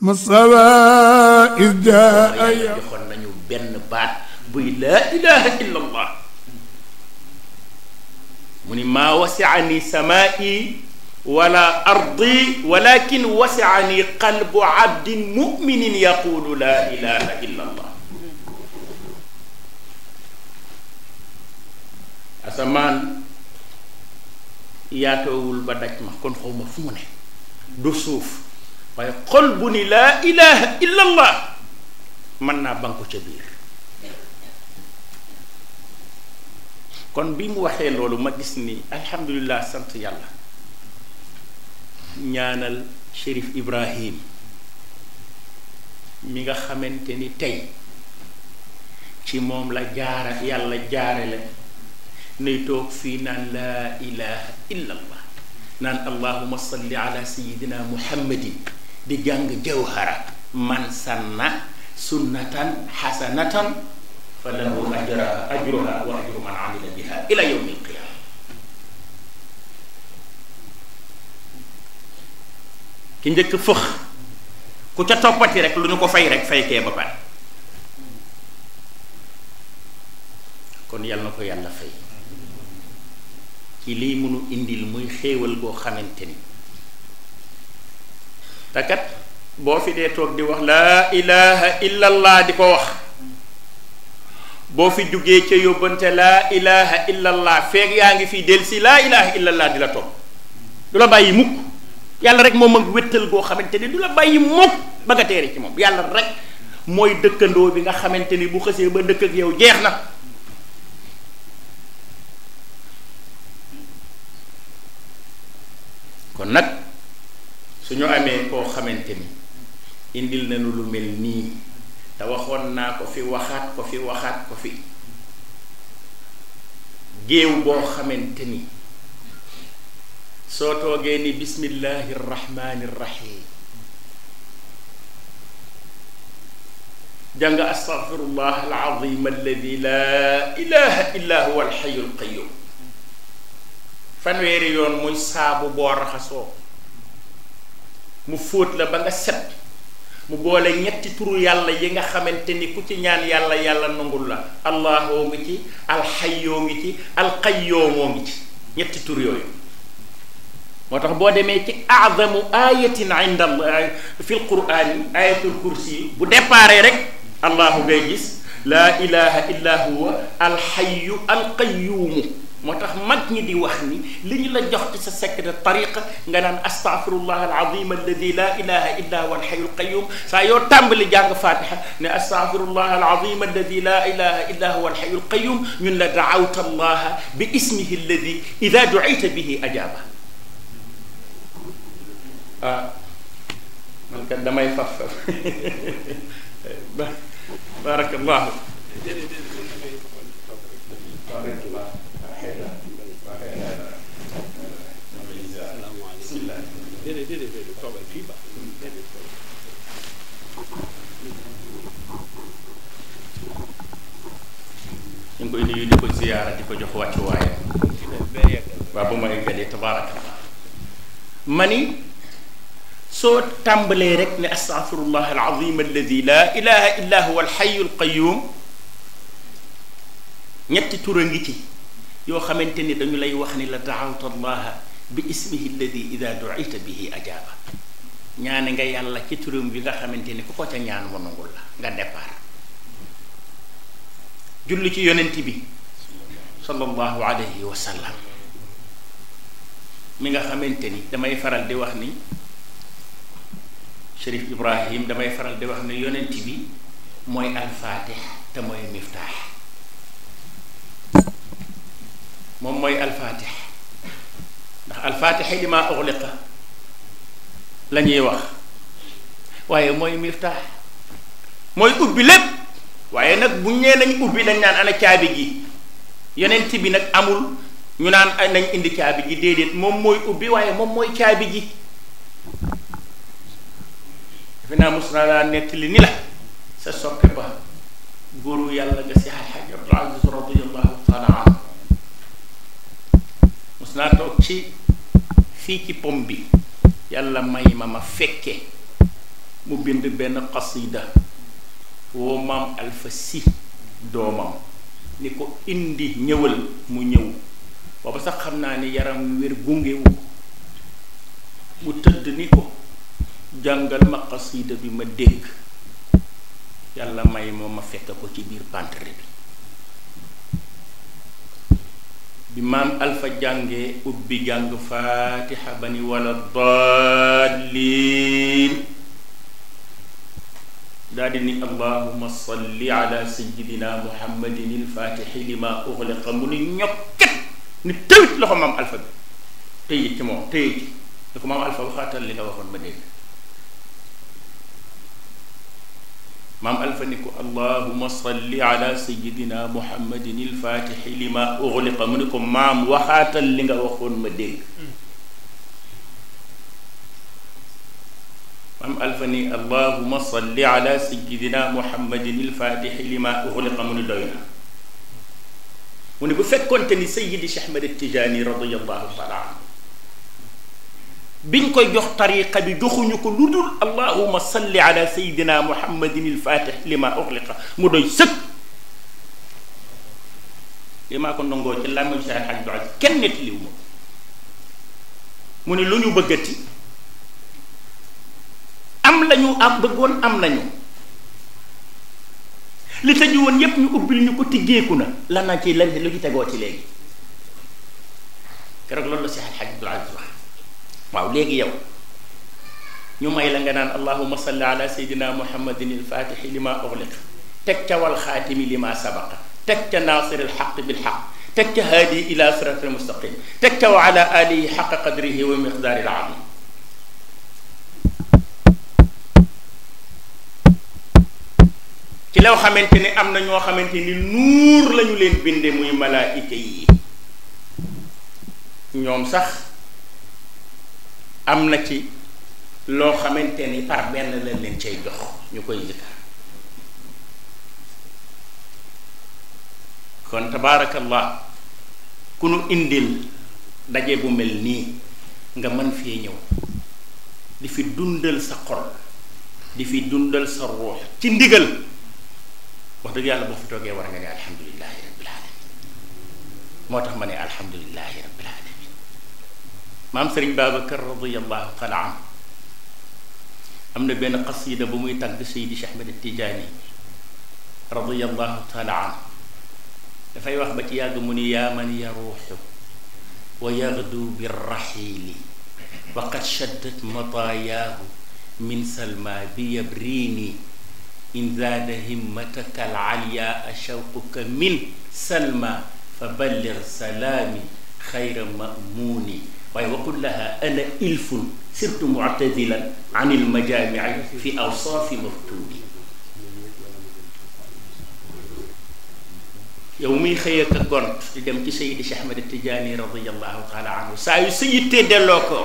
masawa isjaa joxoon nañu benn baat buy laa ilaha illa allah mu ni maa wasiani samaai wala ardi walakin wasiani qalbu abdin muminin yaqulu laa ilaha illa allah asamaan yaatoowul ba daj ma kon xawma fu du suuf waaye xol bu ni laa ilaha illa mën naa banku ca biir kon bi mu waxee loolu ma gis ni alhamdulilah sant yàlla ñaanal Chérif Ibrahim mi nga xamante ni tey ci moom la jaara yàlla jaare la nay toog fii naan laa ilaha illa naan allahuma salli sayidina muhammadin di jàng jawhara man sanna sunnatan xasanatan fa lahu ajra ajruha wa ajru man amila biha ila yawmi alqiyama ki njëkk fëx ku ca toppati rek lu ñu ko fay rek faykee ba pare kon yàlla na ko yàlla fay ci liy mënu indil muy xéewal boo xamante ni te boo fi dee toog di wax laa ilaha illallah di ko wax boo fi jógee ca yóbbante laa ilaha illallah feeg yaa ngi fi del si laa ilaha illallah di la toog du la bàyyi mukk yàlla rek moom ak wéttal goo xamante ni du la bàyyi mukk ba nga teere ci moom yàlla rek mooy dëkkandoo bi nga xamante ni bu xësee ba dëkk ak yow jeex na kon nag su ñu amee koo xamante ni indil nañu lu mel nii te waxoon naa ko fi waxaat ko fi waxaat ko fi géew boo xamante ni soo toogee ni bismillahi rahmaani rahim jàng astaghfirullah alazim alladi laa ilaha illa huwa alxayu alqayum fanweeri yoon muy saabu boo raxasoo mu fóot la ba nga set mu boole ñetti turu yàlla yi nga xamante ni ku ci ñaan yàlla yàlla nangul la allahoo ngi ci alxayyoo ngi ci alqayyoo moo ngi ci ñetti tur yooyu moo tax boo demee ci azamu ayatin inda allah fi bu déparé rek allahu ngay gis laa ilaha illa huwa alxayu alqayuumu moo tax mag ñi di wax ni li ñu la jox ci sa secret tariqa nga naan astaghfirullah alazim alladi la ilaha illa huwa alhayyul qayyum saa yoo tàmbali jàng fatiha ne astaghfirullah alazim alladi la ilaha illa huwa alhayyul qayyum ñun la daawta allaha bi ismihi alladi ida duita bihi ajaba ah man kat damay faf faf barakallahu barakallahu déedéet déedéet déedéet toogal fii baax déedéet ñu ngi koy nuyu di ko ziyaara di ko jox wàccuwaayam waaw bu ma eggalee tabaarakallah ma ni soo tàmbalee rek ne astafirullah alazim alladi laa ilaha illa huwa alxayu alqayum ñetti tur a ngi ci yoo xamante ni dañu lay wax ni la daawta allaha bi ismihi alladi ida duita bihi ajaaba ñaane nga yàlla ci turam bi nga xamante ni ku ko ca ñaan mu la nga départ julli ci yonent bi sallallahu alayhi wa sallam mi nga xamante ni damay faral di wax ni Cherif Ibrahim damay faral di wax ni yonent bi mooy alfaatix te mooy miftaax moom mooy alfaatix ndax alfaatixa li ma uxliqa wax waaye mooy miftaax mooy ubbi lépp waaye nag bu ñee nañ ubbi dañ naan ana caabi gi yonent bi nag amul ñu naan nañ indi caabi gi déedéet moom mooy ubbi waaye moom mooy caabi ji defe naa mos naa laa nettali ni la sa soppe ba góoru yàlla nga si alxaj abdul aziz radiallahu taala an mos naa toog ci fii ci pom bi yàlla may ma ma fekke mu bind benn xasida woo maam alfa si doomam ni ko indi ñëwal mu ñëw booba sax xam naa ni yaram wér gungewu ko mu tëdd ni ko jàngal ma xasida bi ma dégg yàlla may ma ma fekk ko ci biir pantre bi bi maam alfa jàngee ubbi jàng faatiha ba ni wala daalliin daldi ni allahuma salli ala sayidina muhammadin ilfaatixi lima uxliqa mu ni ñokket ni tëwit loxo maam alfa bi téye ci moom téye ci da ko maam alfa waxaatal li nga waxoon ma dégg maam alfa ni ko allahuma salli ala sayidina muhammadin ilfatixi li ma uxliqa mu ni ko maam waxaatal li nga waxoon ma dégg maam alfa ni allahuma salli ala sayidina muhammadin ilfatixi li ma uxliqa mu ni doy na mu ni bu fekkonte ni sayidi cheikh ahmad tijaani radiallahu taala anhu biñ koy jox tariqa bi joxuñu ko lu dul allahuma salli ala sayidina muhammadin ilfatix li ma uxliqa mu doy sëg li maa ko ndongoo ci làmmiñ sa xaj doxal kenn nit liw ma mu ne lu ñu bëggati am lañu am bëggoon am nañu li tëju woon yépp ñu ubbil ñu ko tiggeeku na lan naa ci lan lu ci tegoo ci léegi keroog loolu la si xaj doxal waaw léegi yow ñu may la nga naan allahuma salli ala seydina muhammadin alfaatixi li ma uxliq teg ca wal xaatimi li ma sabaqa teg ca naasir alxaq bilxaq teg ca haadi ila sirat almustaqim teg ca wa ala alihi xaqa qadrihi wa miqdaari alazim ni am na ñoo xamante ni nuur lañu leen binde muy malaayika yi ñoom sax am na ci loo xamante ni par benn lañ leen cay jox ñu koy zikar kon tabaarakallah ku nu indil daje bu mel nii nga mën fee ñëw di fi dundal sa xol di fi dundal sa ruux ci ndigal wax dëgg yàlla boo fi toogee war nga ne alhamdulillahi rabbil alamin moo tax ma ne alhamdulillahi rabbil alamin maam sëriñ Babacar radiallahu taala an am na benn xasida bu muy tàgg Seydi Cheikh Ahmed Tijaani radiallahu taala an dafay wax ba ci yàgg mu ni yaa man yaruuxu wa yagdu birraxiili wa qad shaddat mataayaahu min salma bi yabrini in zaada himmataka alaliya ashawquka min salma fa ballir salaami xayra mamuuni waaye waqul laha ana ilfun surtout mu'tazilan an il majaami'i fi awsaafi maktubi yow muy xëy ak gont di dem ci sayidi Cheikh Ahmed Tidiane radiyallahu taala anhu saa yu sa yittee delloo ko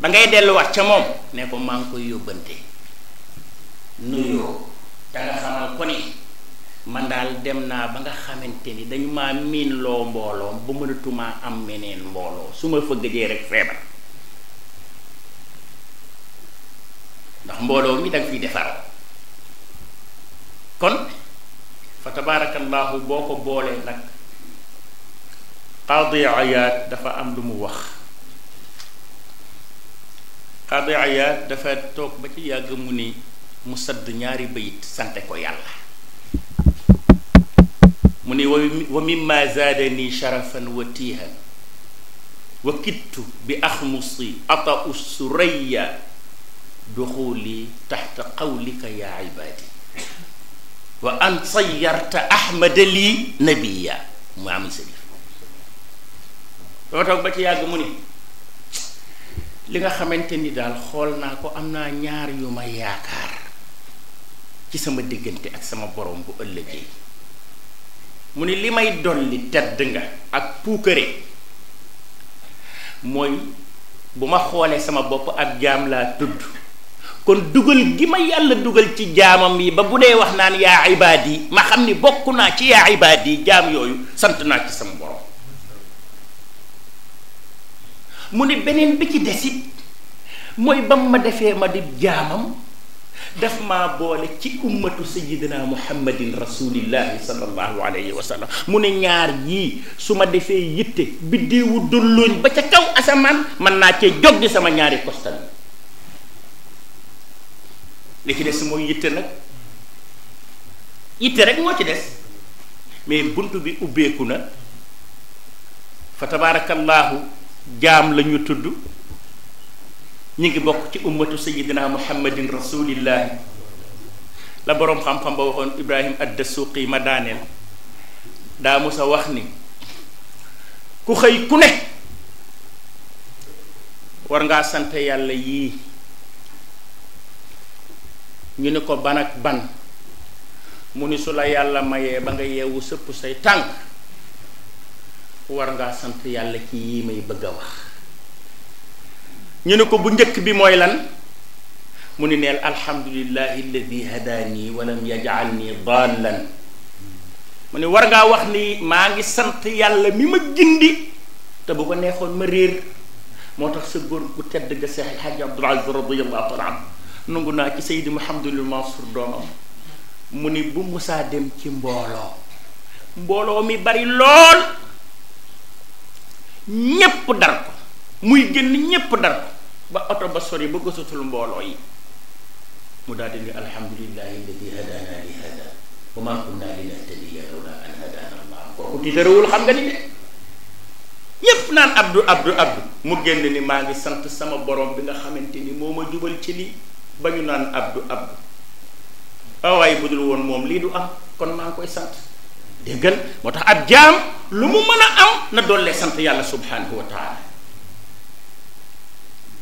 ba ngay delluwaat ca moom ne ko maa ngi koy yóbbante nuyoo man daal dem naa ba nga xamante ni dañu ma miin loo mbooloom ba mënatumaa am meneen mbooloo su ma fa gëjee rek feebar ndax mbooloo mi danga fiy defar kon fa tabaarakallaahu boo ko boolee nag qaadi ayaat dafa am lu mu wax qaadi ayaat dafa toog ba ci yàgg mu ni mu sadd ñaari bayit sante ko yàlla mu ne wa mimma zaadani sharafan wa tiihan wa kittu bi axmusi atau duxuli taxta qawlika yaa wa an sayarta ahmada lii nabiya mu amul sharif dama toog ba ci yàgg mu ni li nga xamante ni daal xool naa ko am naa ñaar yu ma yaakaar ci sama diggante ak sama borom bu ëllëgee mu ni li may dolli tedd nga ak puukare mooy bu ma xoolee sama bopp ak jaam laa tudd kon dugal gi ma yàlla dugal ci jaamam yi ba bu dee wax naan yaa ibaad ma xam ni bokk naa ci yaa ibaad yi jaam yooyu sant naa ci sama borom mu ni beneen bi ci desit mooy bam ma defee ma di jaamam daf ma boole ci ummatu sayidina muhammadin rasulillahi sallallahu alayhi wa sallam mu ne ñaar yii su ma defee yitte biddiwu dulluñ ba ca kaw asamaan mën naa cee jog sama ñaari kostan li ci des mooy yitte nag yitte rek moo ci des mais bunt bi ubbeeku na fa tabaarakallaahu jaam lañu tudd ñu ngi bokk ci ummatu sayidina muhammadin rasulillahi la boroom xam-xam ba waxoon ibrahim addasuuqi ma daaneel daa musa wax ni ku xëy ku ne war ngaa sant yàlla yii ñu ni ko ban ak ban mu ni su la yàlla mayee ba nga yeewu sëpp say tànk war ngaa sant yàlla ci yii may bëgg a wax ñu ne ko bu njëkk bi mooy lan mu ni neel alhamdulillahi alladi hadaani walam yajalni dallan mu ne war ngaa wax ni maa ngi sant yàlla mi ma gindi te bu ko neexoon ma réer moo tax sa góor gu tedd ga Seex Abdul Aziz radiyallahu taala anhu nangu naa ci Seydi Mouhamadul Mansour doomam mu ni bu musaa dem ci mbooloo mbooloo mi bari lool ñépp dar ko muy génn ñépp dar ba oto ba sori ba gësatul mbooloo yi mu daal di ni alhamdulillahi alladi li hada ma kunna linahtadiya lawla an hadana xam nga ni de ñépp naan abdu abdu abdu mu génn ni maa ngi sant sama borom bi nga xamante ni moo ma jubal ci lii ba ñu naan abdu abdu waaye bu woon moom lii du am kon maa ngi koy sant déggal moo tax ab jaam lu mu mën a am na doollee sant yàlla subhanahu wa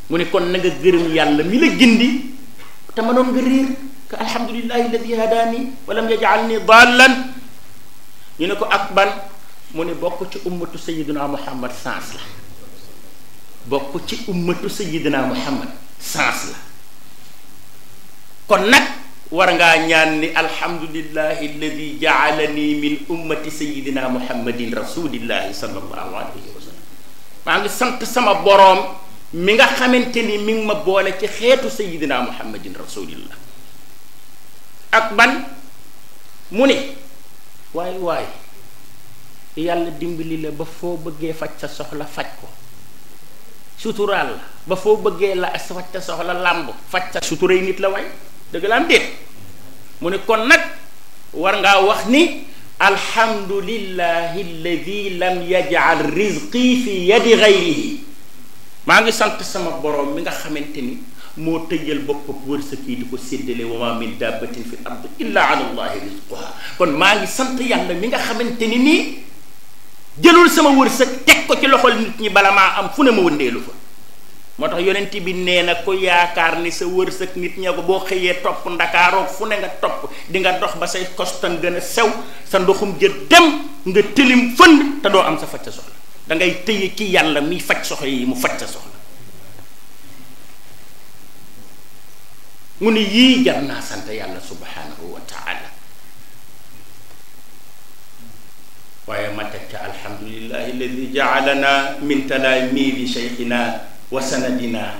mu ne kon na nga gërëm yàlla mi la gindi te ma doon nga réer que alhamdulillahi alladi hadaani walam yajalni dallan ñu ne ko ak ban mu ne bokk ci ummatu sayiduna muhammad sans la bokk ci ummatu sayiduna muhammad sans la kon nag war ngaa ñaan ni alhamdulillahi alladi jaalani min ummati sayidina muhammadin rasulillahi sallallahu alayhi wa sallam maa ngi sant sama boroom mi nga xamante ni mi ngi ma boole ci xeetu sayidina muhammadin rasulillah ak ban mu ne waaye waaye yàlla dimbali la ba foo bëggee faj sa soxla faj ko suturaal la ba foo bëggee la faj sa soxla làmb faj sa suturay nit la waay dëgg la mu ne kon nag war ngaa wax ni alhamdulillahi alladi lam yajal rizqi fi yadi gayrihi maa ngi sant sama borom mi nga xamante ni moo tëyal boppam wërsëg yi di ko séddale wa maa min daabatin fi ard illa ala allahi rizquha kon maa ngi sant yàlla mi nga xamante ni nii jëlul sama wërsëg teg ko ci loxol nit ñi bala maa am fu ne ma wëndeelu fa moo tax yonent bi nee na ko yaakaar ni sa wërsëg nit ña ko boo xëyee topp ndakaaroo fu ne nga topp di nga dox ba say kostan gën a sew sa ndoxum jë dem nga tilim fënd te doo am sa faj sa soxla dangay ngay tëye ci yàlla miy faj soxla yi mu faj sa soxla mu ne yii jar sant yàlla subhanahu wa waaye ma teg ca alhamdulillahi alladi jaalana min talaamidi cheikhina wa sanadina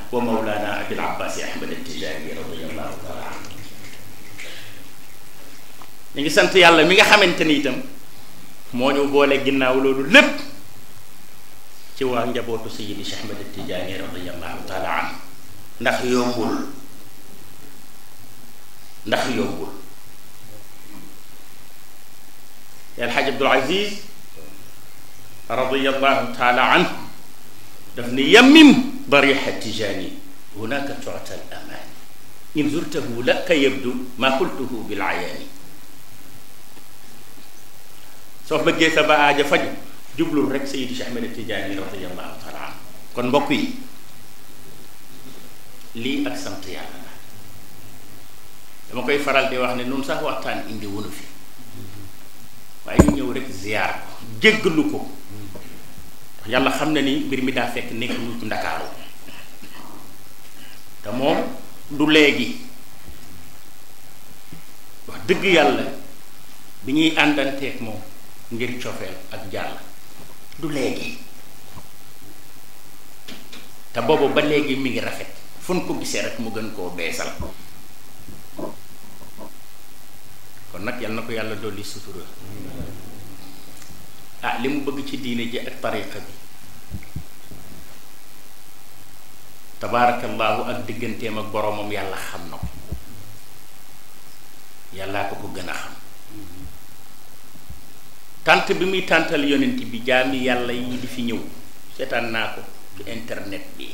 sant yàlla mi nga xamante ni itam moo ñu boole ginnaaw loolu lépp ci waa njabootu Sayyidi Cheikh Ahmed Tidiane radiyallahu taala an ndax yombul ndax yombul El Hadj Abdoul Aziz radiyallahu taala an daf ne yammim bariha Tijani hunaka tu'ta al amani in zurtahu laka yabdu ma qultuhu bil ayani soo bëggee sa ba aaja faju jublul rek Seydi Cheikh Ahmed Tidiane radiyallahu taala kon mbokk yi lii ak sant yàlla la dama koy faral di wax ne nun sax waxtaan indi wunu fi waaye ñu ñëw rek ziyaar ko jéggalu ko yàlla xam na ni mbir mi daa fekk nekk ñu ndakaaru te moom du léegi wax dëgg yàlla bi ñuy àndanteeg moom ngir cofeel ak jàll du léegi te boobu ba léegi mi ngi rafet fu ko gisee rek mu gën koo beesal kon nag yal na ko yàlla dolli sutura ah li mu bëgg ci diine ji ak tariqa bi tabaarakallaahu ak digganteem ak boroomam yàlla xam na ko yàllaa ko ko gën a xam tant bi muy tàntal yonent bi jaami yàlla yi di fi ñëw seetaan naa ko ci internet bi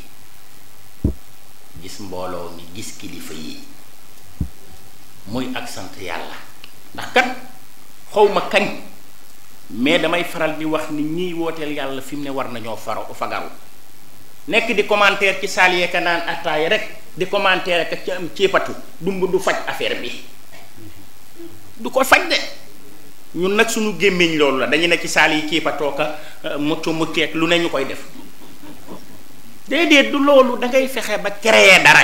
gis mbooloo ni gis kilifa yi muy ak sant yàlla ndax kat xawma kañ mais damay faral di wax ni ñiy wooteel yàlla fi mu ne war nañoo faro fagaru nekk di commentaire ci saal yeeka naan attaaya rek di commentaire ak ci am céepatu dumb du faj affaire bi du ko faj de ñun nag suñu gémmiñ loolu la dañu ne ci saal yi kiipa tooka euh, mucc mucc ak lu ne ñu koy def déedéet du loolu da ngay fexe ba créer dara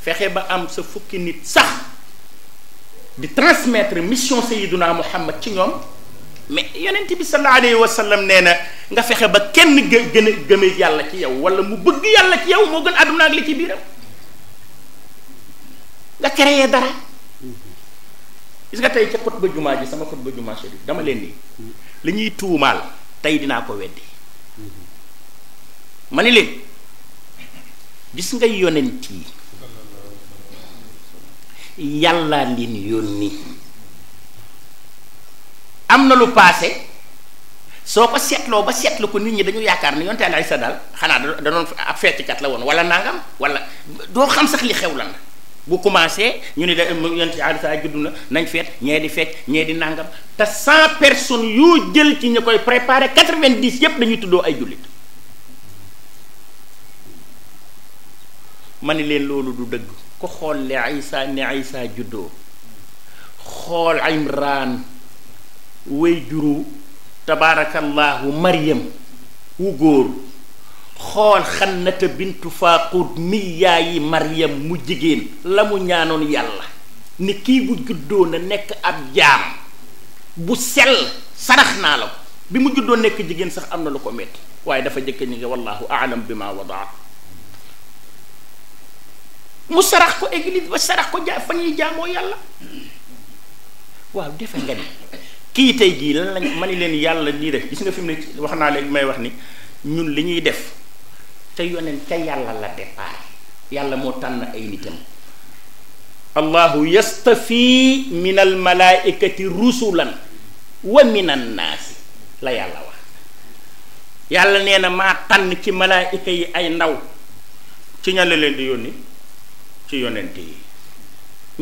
fexe ba am sa fukki nit sax di transmettre mission Sayyiduna Muhammad ci ñoom mais yonent bi sallallahu alayhi wa sallam nee na nga fexe ba kenn gë gën a yàlla ci yow wala mu bëgg yàlla ci yow moo gën àdduna ak la ci biiram nga créer dara. gis nga tey ca xutba jumaa ji sama xutba jumaa chérif dama leen nii li ñuy tuumaal tey dinaa ko weddi ma ni leen gis nga yonent yi yàlla leen nii am na lu paase soo ko seetloo ba seetlu ko nit ñi dañu yaakaar ni yonte Yàlla Isa daal xanaa da doon ab fecckat la woon wala nangam wala doo xam sax li xew lan la bu commencé ñu ne da euh, yonent Yàlla saa juddu na nañ feet ñee di fecc ñee di nàngam te cent personnes yoo jël ci ñu koy préparé quatre-vingt-dix yépp dañuy tuddoo ay jullit ma ni leen loolu du dëgg ku xool li Isa ay saa juddoo xool Imraan wéy juru tabaarakallaahu Maryam wu góor xool xannata bintu faaqud mi yaayi maryam mu jigéen la mu ñaanoon yàlla ni kii bu juddoo a nekk ab jaam bu sell sarax naa la ko bi mu juddoo nekk jigéen sax am na lu ko metti waaye dafa jëkk ñi ngi wallahu aalam bi ma wadaa ko église ko fa ñuy jaamoo yàlla waaw defe nga ni tey jii lan ma ni leen yàlla lii de fi wax naa léegi may wax ni ñun li ñuy def te yonent ca yàlla la départ yàlla moo tànn ay nitam allahu yastafi min al malaikati rusulan wa min an naasi la yàlla wax yàlla nee na maa tànn ci malaayika yi ay ndaw ci ñan leen di yónni ci yonente yi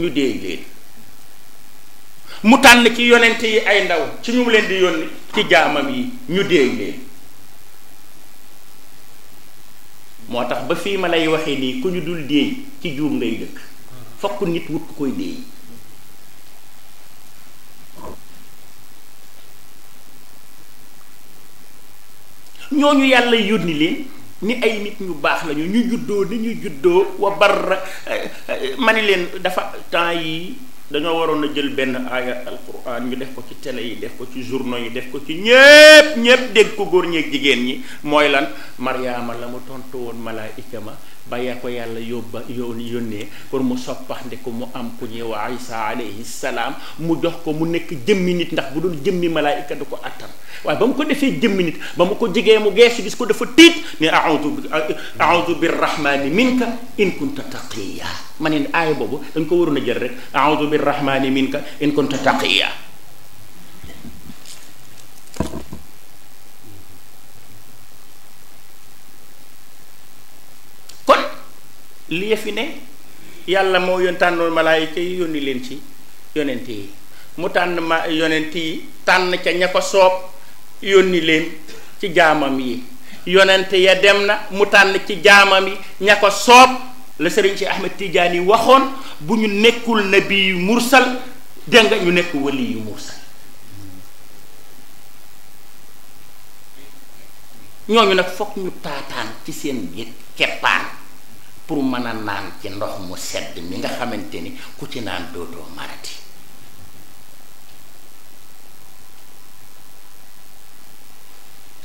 ñu déey leen mu tànn ci yonente yi ay ndaw ci ñu leen di yónni ci jaamam yi ñu déey leen moo tax ba fii ma lay waxee nii ku ñu dul déey ci juum ngay dëkk fokk nit wut ku koy déey ñooñu yàlla yónni leen ni ay nit ñu baax lañu ñu juddoo ni ñu juddoo wa bar eh, eh, ma leen dafa temps yi dañoo waroon a jël benn aaya alquran ñu def ko ci télé yi def ko ci journaux yi def ko ci ñépp ñépp dégg ko góor ñeeg jigéen ñi mooy lan maryaama la mu tontu woon malaayika ma ba yaa ko yàlla yóbba yoon yónnee pour mu soppax nde ko mu am ku ñuy wax isa alayhi salaam mu jox ko mu nekk jëmmi nit ndax bu dul jëmmi malaayika du ko attan waaye ba mu ko defee jëmmi nit ba mu ko jigee mu geesu gis ko dafa tiit ne audu audu birrahmani minka in kunta taqiya ma ne aaya boobu dañ ko waroon a jël rek bi birrahmani minka in kunta taqiya li ya fi ne yàlla moo yoon tànnoon malaayika yi yónni leen ci yonent yi mu tànn ma yonent yi tànn ca ña ko soob yónni leen ci jaamam yi yonent ya dem na mu tànn ci jaamam yi ña ko soob la sëriñ si Ahmed Tidiane yi waxoon bu ñu nekkul nabi yu mursal jëng nga ñu nekk wali yu mursal ñooñu nag foog ñu taataan ci seen keppaan pour mën a naan ci ndox mu sedd mi nga xamante ni ku ci naan dootoo marati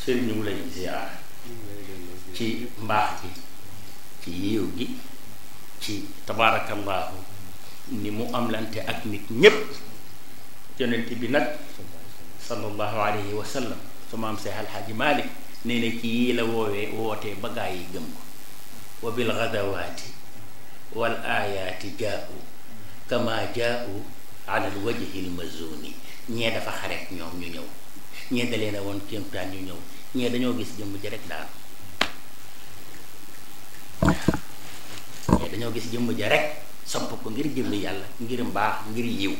sëriñ ñu ngi lay ziar ci mbaax gi ci yiw gi ci tabaarakallaahu ni mu amlante ak nit ñépp yonent bi nag sallallahu alayhi wa sallam su maam Seex Alxaaji Maalik nee na ci yii la woowee wootee ba yi gëm wa bil gadawaati wal aayaati jaau kama jaau alal wajhil mazuni ñee dafa xareet ñoom ñu ñëw ñee da leen a dañoo gis jëmm ji rek daanu ñee dañoo gis jëmm ja rek sopp ko ngir jëmmi yàlla ngir mbaax ngir yiw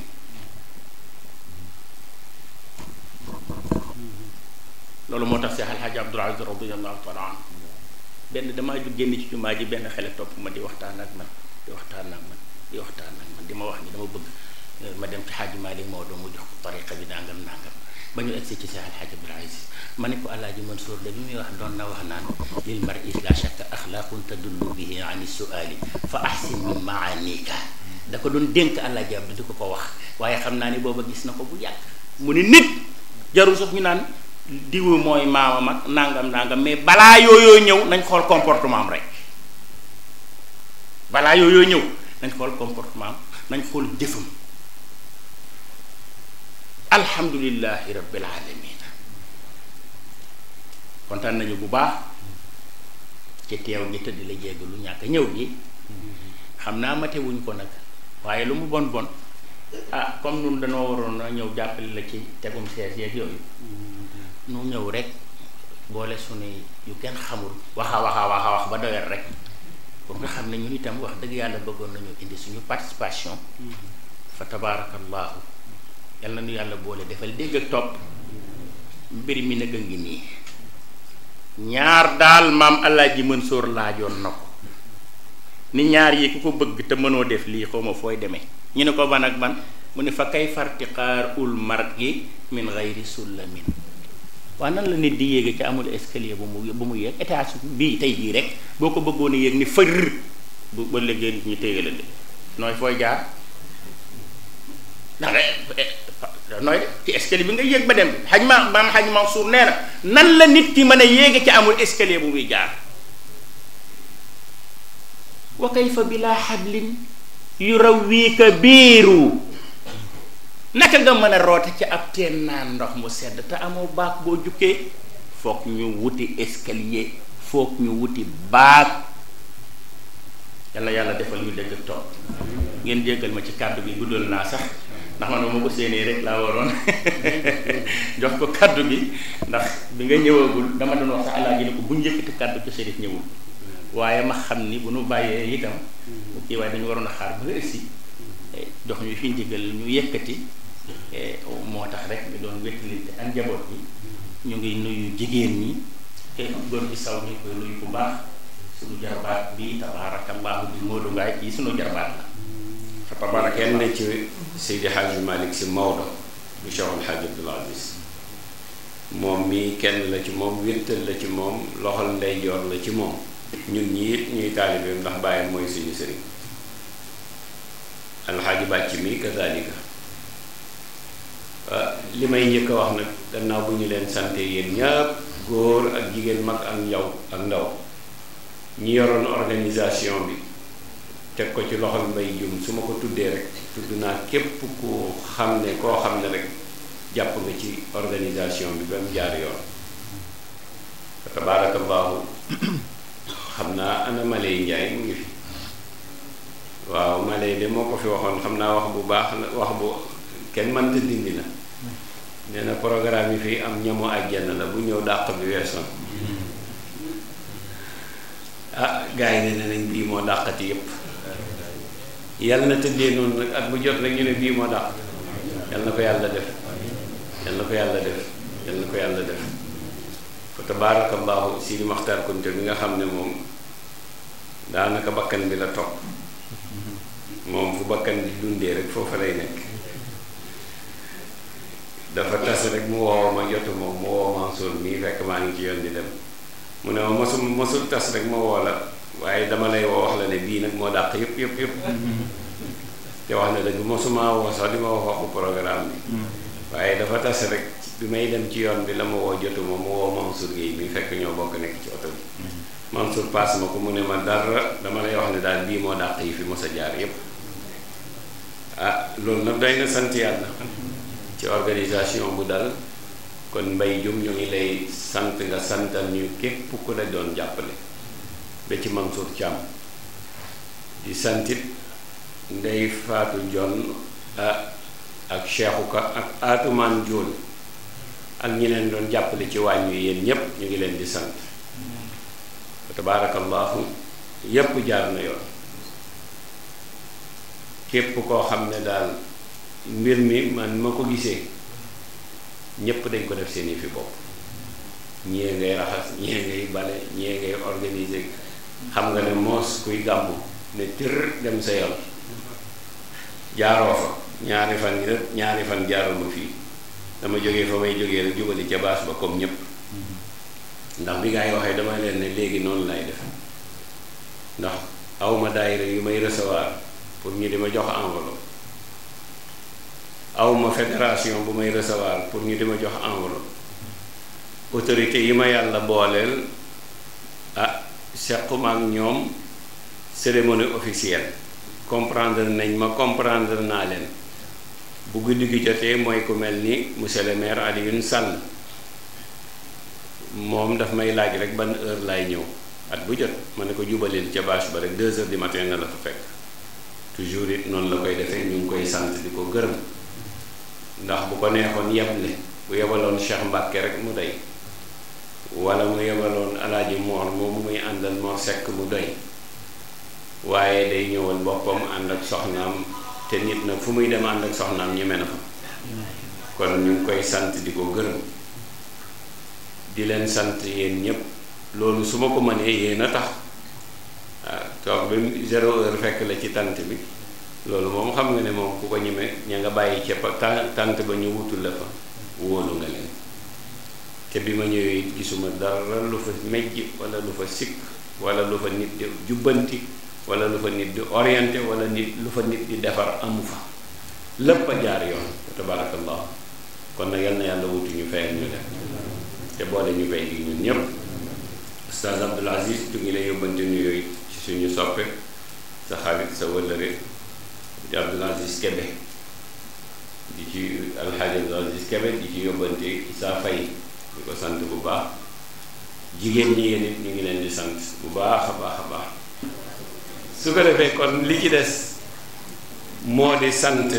loolu moo tax si alxaaji Abdul Aziz radiyallahu taala anhu benn damaa ju génn ci jumaa ji benn xale topp ma di waxtaan ak man di waxtaan ak man di waxtaan ak man di ma wax ni dama bëgg euh, ma dem ci xaaji Maalik Maodo mu jox ko tariqa bi nangam nangam ba ñu egsi ci Seex al Xaaji Abdul ma ne ko Alaaji Mansour soor bi muy wax doon na wax naan lil mar'i la shakka axlaaqun tadullu bihi ani su'aali fa ma min maanika da ko doon dénk Alaaji Abdu di ko ko wax waaye xam naa ni booba gis na ko bu yàgg mu ne nit jarul diwu mooy maamam ak nàngam nangam mais balaa yooyu ñëw nañ xool comportement am rek balaa yooyoo ñëw nañ xool comportement am nañ xool jëfam alhamdulillahi rabbil alamin kontaan nañu bu baax ci teew nit di la jégg lu ñàkk ñëw gi xam naa matewuñ ko nag waaye lu mu bon bon ah comme nun danoo waroon a ñëw jàppale la ci tegum sees yeeg yooyu nu ñëw rek boole sunuy yu kenn xamul waxa waxa waxa wax ba doyal rek pour nga xam ne ñun itam wax dëgg yàlla bëggoon nañu indi suñu participation mm-hmm. fa tabaarakallaahu yal na yàlla boole defal dégg ak topp mbir mi nag a ngi nii ñaar daal maam mën Mansoor laajoon na ko ni ñaar yi ku ko bëgg te mënoo def lii xaw ma fooy demee ñu ne ko ban ak ban mu ne fa kay fartiqaar ul mar gi min gayri sullamin waaw nan la nit di yéege ci amul escalier bu mu bu mu yéeg étage bii tey jii rek boo ko bëggoon a yéeg ni fër bu ba léegi nit ñi téye la de nooy fooy jaar ndax eh, nooy ci escalier bi ngay yéeg ba dem xaj ma maam xaj Mansour nee na nan la nit ki mën a yéege ci amul escalier bu muy jaar wa kayfa bilaa xablin yurawika biiru naka nga mën a roote ci ab teen naan ndox mu sedd te amoo baak boo jukkee foog ñu wuti escalier foog ñu wuti baak yàlla yàlla defal ñu dégg toog ngeen jéggal ma ci kàddu gi guddal naa sax ndax man ma ko rek laa waroon ko kàddu gi ndax bi nga ñëwagul dama doon wax sax alaaji ne ko bu njëkkati kàddu ci sëriñ ñëwul waaye ma xam ni bu nu bàyyee itam kii waaye dañu waroon a xaar ba ëlsi eh, jox ñu fi ñu yëkkati Eh, moo tax rek ñu doon wéttalinte ak njaboot bi ñu ngi nuyu jigéen ñi te góor gi saw ñu koy nuyu bu baax suñu jarbaat bi tabaarakallaahu bi Modou Ngaay kii suñu jarbaat la tabarak kenn na ci Seydi Hadji Malick si Maodo moom mii kenn la ci moom wéttal la ci moom loxol ndeyjoor la ci moom ñun ñii ñuy taalibeem ndax bàyyi mooy suñu sëriñ alxaaji bàcc mi kazalika Euh, li may njëkk wax nag gannaaw bu ñu leen sante yéen ñépp góor ak jigéen mag ak yow ndaw ñi yoroon organisation bi teg ko ci loxol mbay jum su ma ko tuddee rek tudd naa képp ku xam ne koo xam ne rek jàpp nga ci organisation bi ba mu jaar yoon tabaarakallaahu xam naa ana Maley Njaay mu ngi fi waaw Maley de moo ko fi waxoon xam naa wax bu baax la wax bu kenn mënta dindi la nee na programme yi fii am ñamu àjjana la bu ñëw dàq bi weesoon ah gars yi ne nañ bii moo dàqati yépp yàlla na tëddee noonu nag at bu jot nag ne bii moo dàq yàlla na ko yàlla def yàlla na ko yàlla def yàlla na ko yàlla def fa tabaarakallaahu Sidi Maxtaar Kunte bi nga xam ne moom daanaka bakkan bi la topp moom fu bakkan bi dundee rek foofa lay nekk dafa tase rek mu woo ma jotu ma mu woo Mansour mii fekk maa ngi ci yoon di dem mu ne ma mosul mosul tas rek ma woo la waaye dama lay woo wax la ne bii nag moo dàq yëpp yëpp yëpp mm-hmm. te wax na dëgg mosuma woo sax di ma wax waxu mm. waaye dafa tas rek bi may dem ci yoon bi la ma woo jotu ma mu woo Mansour mm-hmm. ko mu ne dama lay wax ne daal bii moo dàq yi fi mos a jaar yëpp ah, loolu nag day na sant yàlla ci organisation bu dal kon mbay jum ñu ngi lay sant nga santal ñu képp ku la doon jàppale ba ci Mansour Thiam di santit ndey faatu jon ak Cheikhou Ka ak Atumaan Joon ak ñi leen doon jàppale ci waañ wi yéen ñépp ñu ngi leen di sant tabaarakallaahu yépp jaar na yoon képp koo xam ne daal mbir mi man ma ko gisee ñépp dañ ko def seen yi fi bopp ñii ngay raxas ñii ngay bale ñii ngay organiser xam nga ne moos kuy gàmmu ne tër dem sa yoon jaaroo fa ñaari fan yi ñaari fan jaaroo ma fii dama jóge fa may jógee la jubali ca baas ba comme ñépp ndax bi gaa waxee dama leen ne léegi noonu lay def ndax awma daayira yu may recevoir pour ñu di ma jox enveloppe awma fédération bu may recevoir pour ñu di ma jox enveloppe autorité yi ma yàlla booleel ah sequma ak ñoom cérémonie officielle comprendre nañ ma comprendre naa leen bu guddi gi jotee mooy ku mel ni monsieur le maire Alioune Sall moom daf may laaj rek ban heure laay ñëw at bu jot ma ne ko jubaleel ca bâche ba rek deux heures di matin na la fa fekk toujours it noonu la koy defee ñu ngi koy sant di ko gërëm ndax bu ko neexoon yeble bu yebaloon Cheikh Mbàkke rek mu doy wala mu yebaloon alaaji moor moom muy àndal moor sekk mu doy waaye day ñëwal boppam ànd ak soxnaam te nit na fu muy dem ànd ak soxnaam ñeme na fa kon ñu koy sant di ko gërëm di leen sant yéen ñépp loolu su ma ko mënee yéen a tax waaw ah, bi zéro fekk la ci tant bi loolu moom xam nga ne moom ku ko ñeme ña nga bàyyi ca tant ba ñu wutu la fa wóolu nga leen te bi ma ñëwee gisuma dara lu fa mejj wala lu fa sikk wala lu fa nit di jubbanti wala lu fa nit di orienté wala nit lu fa nit di defar amu fa lépp a jaar yoon tabarakallah kon nag yal na yàlla wutu ñu fayal ñu def te boole ñu fay gi ñun ñëpp Oustaz Abdul Aziz tu ngi lay yóbbante nuyooyu ci suñu soppe sa xarit sa wëllëre di Abdoul Aziz Kébé di ci alxaaji Abdoul Aziz Kébé di ci yóbbante Issa Faye di ko sant bu baax jigéen ñi yéen ñu ngi leen di sant bu baax a baax a baax su ko defee kon li ci des moo di sant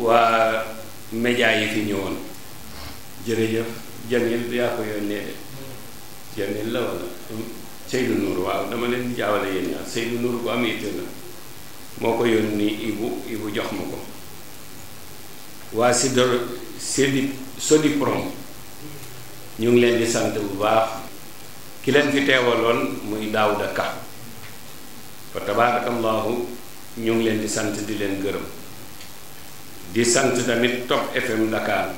waa média yi fi ñëwoon jërëjëf jamil yaa ko yónnee de jamil la wala Seydou Nour waaw dama leen jaawale yéen ñaar Seydou Nour bu am yitte la moo ko yónni Ibu Ibu jox ma ko waa Sidor Sedi Sodiprom ñu ngi leen di sant bu baax ki leen fi teewaloon muy Daawuda Ka fa tabaarakallaahu ñu ngi leen di sant di leen gërëm di sant tamit Top FM Dakar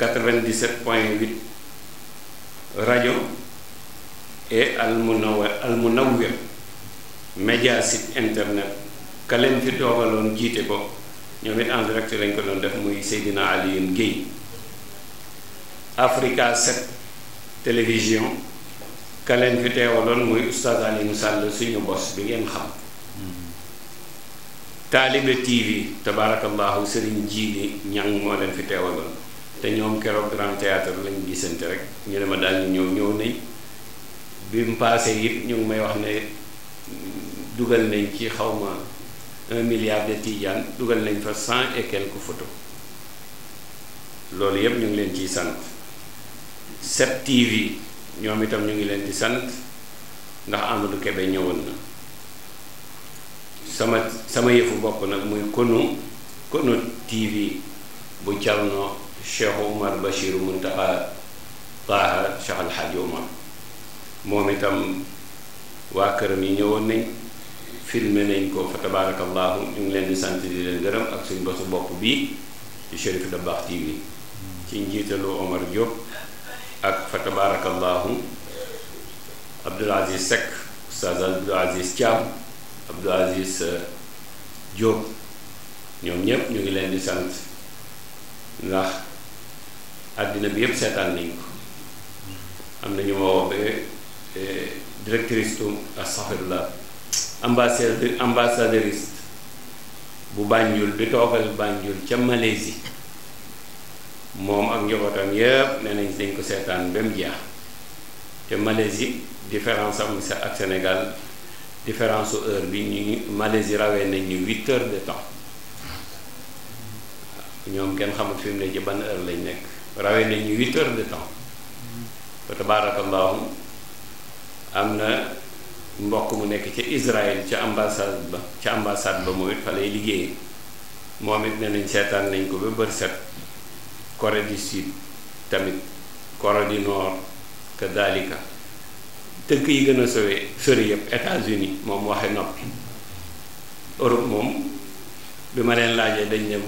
97 point 8 rajo et al munawwir al média site internet ka leen fi toogaloon jiite ko ñoom it en direct lañ ko doon def muy Seydina Alioune Guèye Africa 7 télévision ka leen fi teewaloon muy Oustaz Alioune sàll suñu bos bi ngeen xam taalibe TV tabaarakallaahu Serigne Jiili Ñang moo leen fi teewaloon te ñoom keroog grand théâtre lañu gisante rek ñu ne ma daal ñu ñëw ñëw nañ bi mu paasee it ñu ngi may wax ne dugal nañ ci xawma un milliard de tijaan dugal nañ fa cent et quelques photos loolu yëpp ñu ngi leen ciy sant 7TV ñoom itam ñu ngi leen di sant ndax Amadou Kébé ñëwoon na sama sama yëfu bopp nag muy Kono Kono TV bu Thierno Cheikh Oumar Bachir Mountakha Taha Cheikh Al Hadj Oumar moom itam waa këram yi ñëwoon nañ. filmé nañ ko fa tabaarakallaahu ñu ngi leen di sant di leen gërëm ak suñ bosu bopp bii di Cherif Dabakh TV ci njiitalu Omar Diop ak fa tabaarakallaahu Abdoul Aziz Seck Oustaz Abdoul Aziz Thiam Abdoul Aziz euh, Diop ñoom ñépp ñu ngi leen di sant ndax àddina bi yépp seetaan nañ ko am na ñu ma woo ba euh, ambassadeur ambassadrice bu Banjul bi toogal Banjul ca Malaisie moom ak njabootam yépp nee nañ dañ ko seetaan ba mu jeex te Malaisie différence am ak Sénégal différence su heure bi ñu Malaisie rawee nañ ñu huit heures de temps ñoom kenn xamul fi ne ci ban heure lañ nekk rawee nañ huit heures de temps fa tabaarakallaahu am na. mbokk mu nekk ca Israël ca ambassade ba ca ambassade ba moom fa lay liggéeyee moom it ne nañ seetaan nañ ko ba bër set Corée du Sud tamit Corée du Nord kadalika dëkk yi gën a sowe sori yëpp États-Unis moom waxe noppi Europe moom bi ma leen laajee dañ ne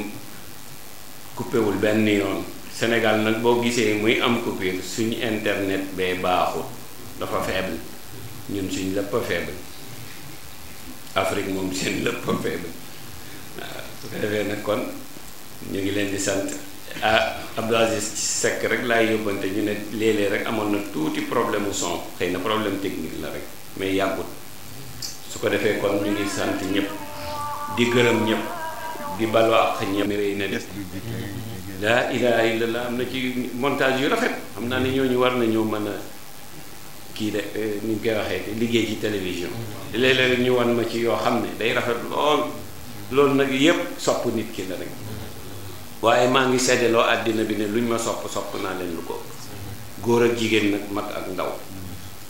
coupéwul benn yoon senegal nag boo gisee muy am coupure suñu internet bee baaxul dafa faible ñun suñ lépp a Afrique moom seen lépp a waaw su ko defee nag kon ñu ngi leen di sant ah Abdou Aziz Seck rek laay yóbbante ñu ne léeg-léeg rek amoon na tuuti problème mu son xëy na problème technique la rek mais yàggut su ko defee kon ñu ngi sant ñëpp di gërëm ñëpp di baloo ak ñëpp réy na def laa ilaaha illallaah am na ci montage yu rafet xam naa ni ñooñu war nañoo mën a kii de euh, ni ñu koy waxee liggéey ci télévision léeg-léeg ñu won ma ci yoo xam ne day rafet lool loolu nag yépp sopp nit ki la rek waaye maa ngi seddaloo àddina bi ne lu ñu ma sopp sopp naa leen lu ko góor ak jigéen nag mag ak ndaw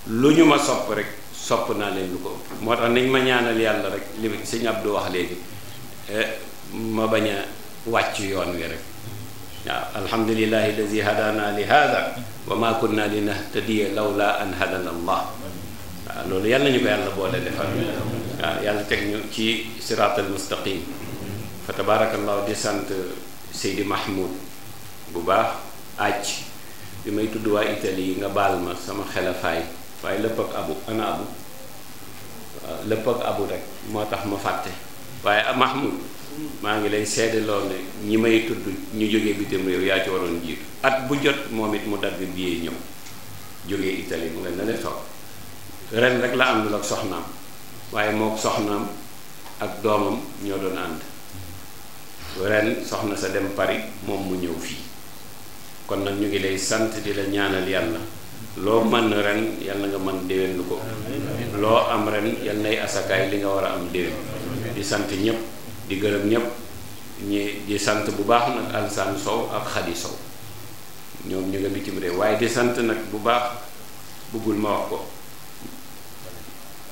lu ñu ma sopp rek sopp naa leen lu ko moo tax nañ ma ñaanal yàlla rek li sëñ Abdou wax léegi eh, ma bañ a wàcc yoon wi rek waaw alhamdulillahi lazi hadana li hada wa maa kunna li nahtadiya lawla an hadana allah waaw loolu yàlla ñu ko yàlla boole defal waaw yàlla teg ñu ci siraatal mustaqim fa tabaarakallaahu di sant Seydi Mahmoud bu baax àcc bi may tudd waa Italie yi nga baal ma sama xelafaay waaye lépp ak abu ana abu lépp ak abu rek moo tax ma fàtte waaye Mahmoud maa ngi lay seedaloo ne ñi may tudd ñu jógee bitim réew yaa ci waroon jiitu at bu jot moom it mu dagg billet ñëw jógee Italie mu nga ne ne toog ren rek la àndul ak soxnaam waaye mook soxnaam ak doomam ñoo doon ànd ren soxna sa dem Paris moom mu ñëw fii kon nag ñu ngi lay sant di la ñaanal yàlla loo mën ren yàlla nga mën déwén lu ko loo am ren yàlla nay asakaay li nga war a am déwén di sant ñëpp. di gërëm ñépp ñi di sant bu baax nag Alassane Sow ak Khady Sow ñoom ñu nga bitim réew waaye di sant nag bu baax bëggul ma wax ko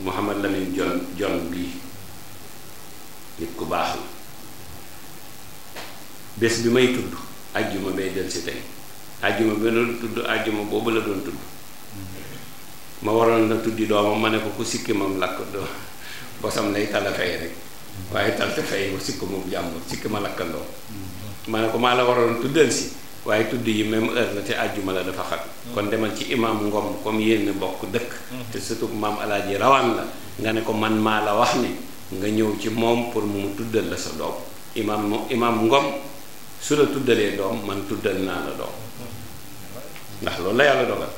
Mouhamad Lamine jon jon bii nit ku baax la bés bi may tudd ajjuma bay del si tey ajjuma bi doon tudd ajjuma boobu la doon tudd ma waroon na tuddi doomam ma ne ko ku sikki mam lakk do bosam lay talafay rek waaye tal te fay ma sikk moom jàmbur sikk ma lakkandoo ma ne ko maa la waroon tuddal si waaye tudd yi même heure la te àjjuma la dafa xat kon demal ci imam Ngom comme yéen bokk dëkk te surtout maam alaaji rawaan la nga ne ko man maa la wax ni nga ñëw ci moom pour mu tuddal la sa doom imam imam Ngom su la tuddalee doom man tuddal naa la doom ndax loolu la yàlla dogal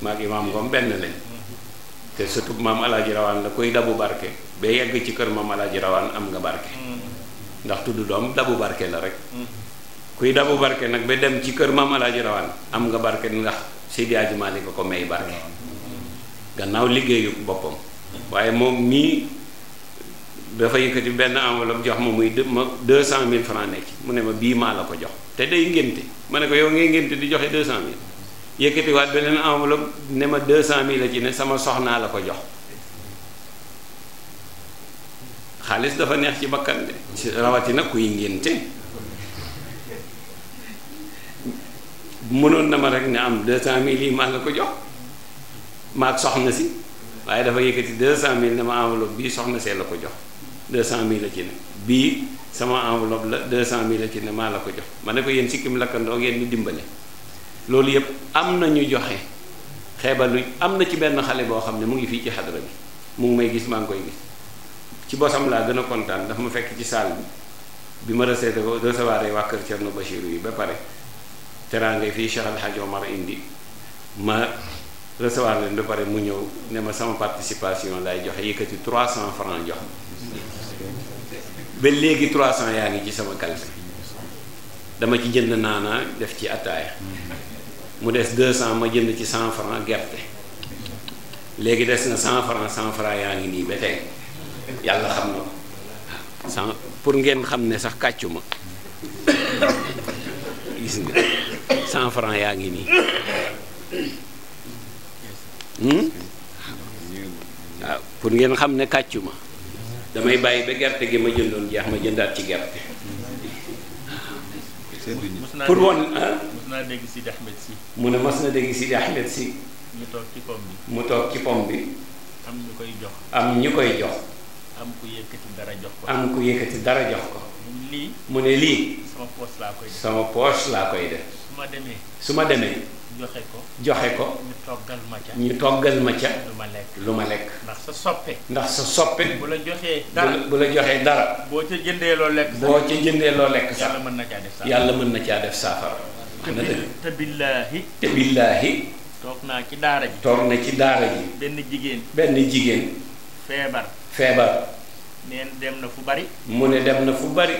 maag imam Ngom benn lañ te surtout maam ji rawaan la kuy dabu barke ba yegg ci kër maam alaaji rawaan am nga barke mm-hmm. ndax tudd doom dabu barke la rek mm-hmm. kuy dabu barke nag ba dem ci kër maam ji rawaan am nga barke ndax Seydi Hadji Malick ko may barke mm-hmm. gannaaw liggéeyu boppam waaye moom mii dafa yëkkati benn enveloppe jox ma muy ma deux cent mille francs nekk mu ne ma bii maa la ko jox te day ngénte ma ne ko yow ngay ngénte di joxe deux cent mille yëkkatiwaat beneen enveloppe ne ma deux cent mille la ci ne sama soxnaa la ko jox xaalis dafa neex ci bakkan de rawatina kuy ngénte mënoon na ma rek ne am deux cent mille yi maa la ko jox maag soxna si waaye dafa yëkkati deux cent mille ne ma enveloppe bii soxna see la ko jox deux cent mille la ci ne bii sama enveloppe la deux cent mille la ci ne maa la ko jox ma ne ko yéen sikkim lakkandoo yéen ñu dimbale loolu yëpp am na ñu joxe xeebaluñ am na ci benn xale boo xam ne mu ngi fii ci xadara bi mu ngi may gis maa ngi koy gis ci bosam laa gën a kontaan dafa ma fekk ci saal bi bi ma resee ko recevoir waa kër Cerno Bachir yi ba pare teraange fii Cheikh Al Hadj Omar indi ma recevoir leen ba pare mu ñëw ne ma sama participation lay joxe yëkkati 300 francs jox ba léegi cent yaa ngi ci sama kalfe dama ci jënd naanaa def ci attaaya mu des 200 ma jënd ci 100 francs gerte léegi des na 100 francs 100 francs yaa ngi nii ba tey yàlla xam na ko sans pour ngeen xam ne sax kàccu ma gis nga 100 francs yaa ngi nii hmm? waaw pour ngeen xam ne kàccu ma damay bàyyi ba gerte gi ma jëndoon jeex ma jëndaat ci gerte pour woon ah? naa dégg Sidi Ahmed si. mu ne mas na dégg Sidi Ahmed si. ñu toog ci pom bi. mu toog ci pom bi. am ñu koy jox. am ñu koy jox. am ku yëkkati dara jox ko. am ku yëkkati dara jox ko. lii mu ne lii. sama poche laa koy def sama laa koy def. su ma demee. su ma demee. joxe ko joxe ko. ñu toggal ma ca. ñu toggal ma ca. lu ma lekk lu ma lekk. ndax sa soppe. ndax sa soppe. bu la joxee dara bu la joxee dara. boo ca jëndee loo lekk sax boo ca jëndee loo lekk sax. mën na caa def yàlla mën na caa def saafara. te billaahi te billaahi toog naa ci daara ji toog na ci daara ji benn jigéen benn jigéen feebar feebar neen dem na fu bari mu ne dem na fu bari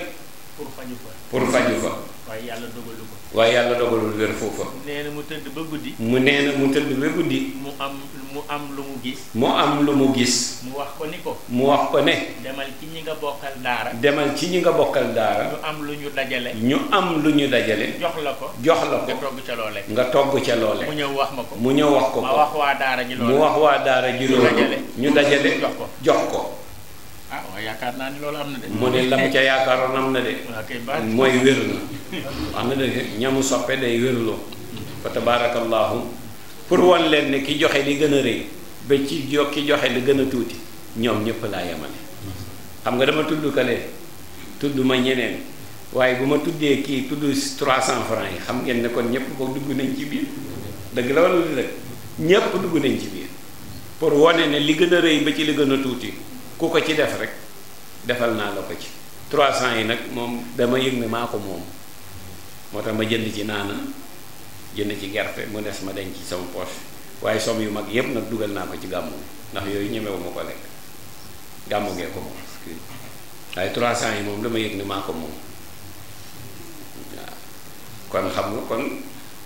pour faju fa pour faju fa waaye yàlla dogalu ko waaye yàlla dogalul wér foofa. nee na mu tëdd ba guddi. mu nee na mu tëdd ba guddi. mu am mu am lu mu gis. mu am lu mu gis. mu wax ko ni ko. mu wax ko ne. demal ci ñi nga bokkal daara. demal ci ñi nga bokkal daara. ñu am lu ñu dajale. ñu am lu ñu dajale. jox la ko jox la ko. nga togg ca loole. nga togg ca loole. mu ñëw wax ma ko. mu ñëw wax ko ko. ma wax waa daara ji loole. mu wax waa daara ji ñu dajale jox ko jox ko. yaakaar naa ni loolu am na ne la mu ca yaakaaroon am na de. mooy wér na. wax na de ñamu soppe day wérloo. fa tabaarakallaahu pour wan leen ne ki joxe li gën a rëy ba ci jo ki joxe li gën a tuuti ñoom ñëpp laa yemale. xam nga dama tudd kale tudd ma ñeneen waaye bu ma tuddee kii tudd cent francs yi xam ngeen ne kon ñëpp ko dugg nañ ci biir dëgg la wala du dugg nañ ci biir pour wane ne li gën a rëy ba ci li gën a tuuti ku ko ci def rek. defal naa la ko ci 300 yi nag moom dama yëg ne maa ko moom moo tax ma jënd ci naana jënd ci gerte mu des ma denc ci sama poche waaye som yu mag yépp nag dugal naa ko ci gàmmu ndax yooyu ñemewu ma ko lekk gàmmu gee ko moom waaye 300 yi moom dama yëg ni maa ko moom waaw kon xam nga kon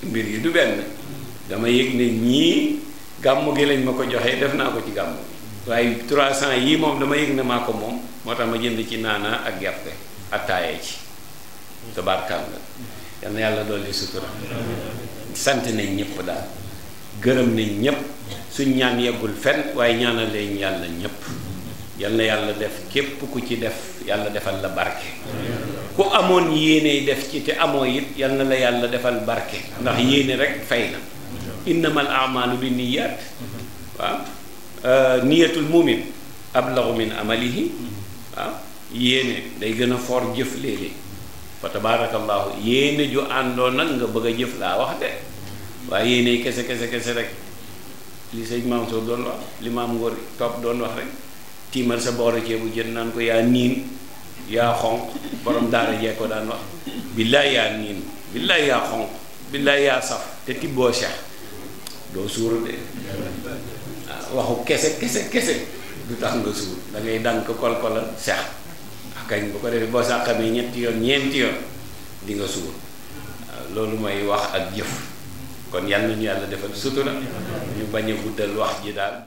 mbir yi du benn dama yëg ne ñii gàmmu gi lañ ma ko joxee def naa ko ci gàmmu gi waaye 300 yii moom dama yëg ne maa ko moom moo tax ma jënd ci naana ak gerte attaaya ci tabaarkàlla yal na yàlla dolli sutura sant nañ ñëpp daal gërëm nañ ñëpp suñ ñaan yeggul fen waaye ñaanal leen yàlla ñëpp yal yàlla def képp ku ci def yàlla defal la barke ku amoon yéeney def ci te amoo it yal la yàlla defal barke ndax yéene rek fay na innamal amalu bi niyaat waaw Euh, niyatul mumin ablaxu min amalihi waaw mm-hmm. ah, yéene day gën a for jëf léeg-léeg fa tabaarakallaahu yéene ju àndoon nga bëgg a jëf laa wax de waaye yéene kese kese kese rek li sëñ maam soo doon wax li maam ngor topp doon wax rek tiimal sa boora ceebu jën naan ko yaa niin yaa xonq borom daara jee ko daan wax billaay yaa niin billaay yaa xonq billaay yaa saf te tibboo cheikh doo suur de waxu kese kese kese du tax nga suur da ngay dànk kolkolal seex kañ bu ko defee boo sàqamee ñetti yoon ñeenti yoon di nga suur loolu mooy wax ak jëf kon yal na ñu yàlla defal sutura ñu bañ a guddal wax ji daal